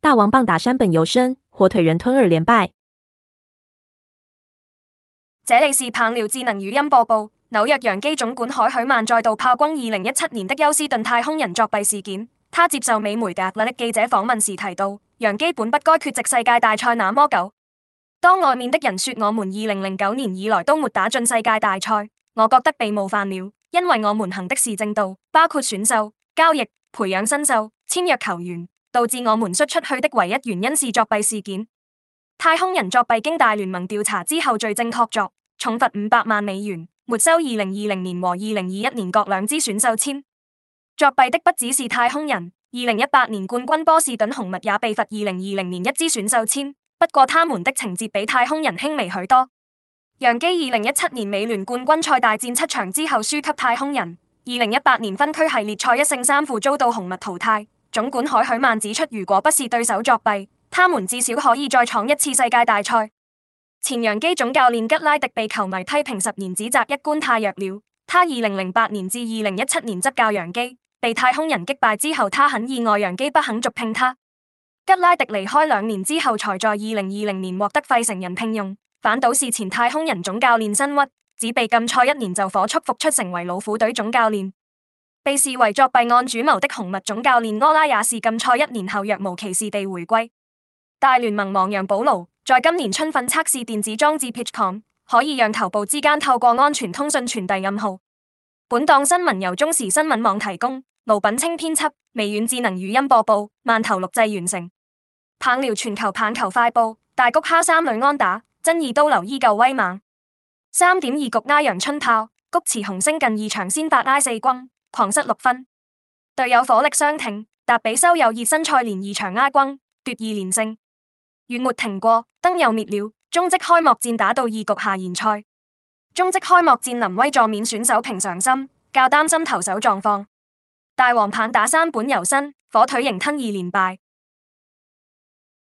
大王棒打山本由伸，火腿人吞二連敗。這裏是棒聊智能語音播報。紐約洋基總管凱許曼再度炮轟二零一七年的休斯頓太空人作弊事件。他接受美媒 The Athletic 記者訪問時提到，洋基本不該缺席世界大賽那麼久。當外面的人說我們二零零九年以來都沒打進世界大賽，我覺得被冒犯了，因為我們行的是正道，包括選秀、交易、培養新秀、簽約球員。導致我們摔出，出去的唯一原因是作弊事件。太空人作弊經大聯盟調查之後，罪證確鑿，重罰五百萬美元，沒收二零二零年和二零二一年各兩支選秀簽。作弊的不只是太空人，二零一八年冠軍波士頓紅襪也被罰二零二零年一支選秀簽。不過他們的情節比太空人輕微許多。洋基二零一七年美聯冠，冠軍賽大戰七場之後輸給太空人，二零一八年分區系列賽一勝三負遭到紅襪淘汰。總管凱許曼指出，如果不是對手作弊，他們至少可以再闖一次世界大賽。前揚基總教練吉拉迪被球迷批評十年，只摘一冠太弱了。他二零零八年至二零一七年執教揚基，被太空人擊敗之後，他很意外揚基不肯續聘他。吉拉迪離開兩年之後，才在二零二零年獲得費城人聘用。反倒是前太空人總教練辛屈，只被禁賽一年就火速復出，成為老虎隊總教練。被視為作弊案主謀的紅襪總教練柯拉也是禁賽一年後若無其事地回歸。大聯盟亡羊補牢，在今年春訓測試電子裝置 PitchCom，可以讓投捕之間透過安全通訊傳遞暗號。本檔新聞由中時新聞網提供，盧品清編輯，微軟智能語音播報，萬頭錄製完成。棒聊全球棒球快報：大谷敲三壘安打，爭議刀流依舊威猛。三點二局拉陽春炮，菊池紅星近二場先發拉四軍。狂失六分，隊友火力相挺，達比修有熱身賽連二場挨轟，奪二連勝，雨沒停過，燈又滅了，中職開幕戰打到二局下延賽，中職開幕戰林威助勉選手平常心，較擔心投手狀況，大王棒打三本游新火腿仍吞二連敗。